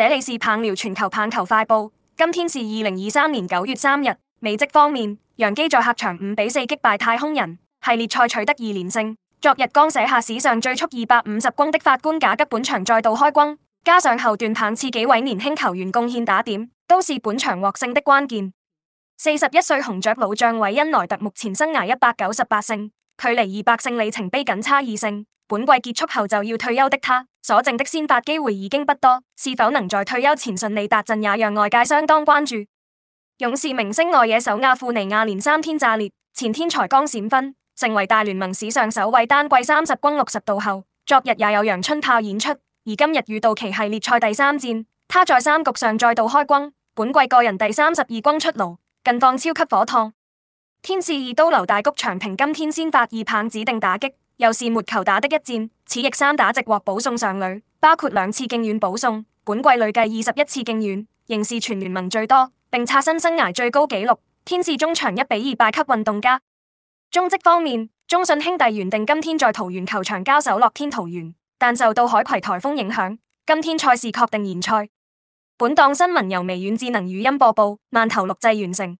這裡是棒苗全球棒球快報，今天是二零二三年九月三日。美職方面，洋基在客場五比四擊敗太空人，系列賽取得二連勝。昨日剛寫下史上最速二百五十轟的法官賈吉，本場再度開轟，加上後段棒次幾位年輕球員貢獻打點，都是本場獲勝的關鍵。四十一歲紅雀老將韋恩萊特目前生涯一百九十八勝，距離二百勝里程碑僅差二勝。本季結束後就要退休的他，所剩的先發機會已經不多，是否能在退休前順利達陣，也讓外界相當關注。勇士明星外野手阿庫尼亞連三天炸裂，前天才剛閃婚，成為大聯盟史上首位單季三十轟六十盜後，昨日也有陽春炮演出，而今日與道奇系列賽第三戰，他在三局上再度開轟。本季個人第三十二轟出爐，近況超級火燙。天使二刀流大谷翔平今天先發二棒指定打擊。又是沒球打的一戰，此役三打直獲保送上壘，包括兩次敬遠保送，本季累計二十一次敬遠，仍是全聯盟最多，並刷新生涯最高紀錄。天使中場一比二敗給運動家。中職方面，中信兄弟原定今天在桃園球場交手樂天桃猿，但受到海葵台風影響，今天賽事確定延賽。本檔新聞由微軟智能語音播報，慢頭錄製完成。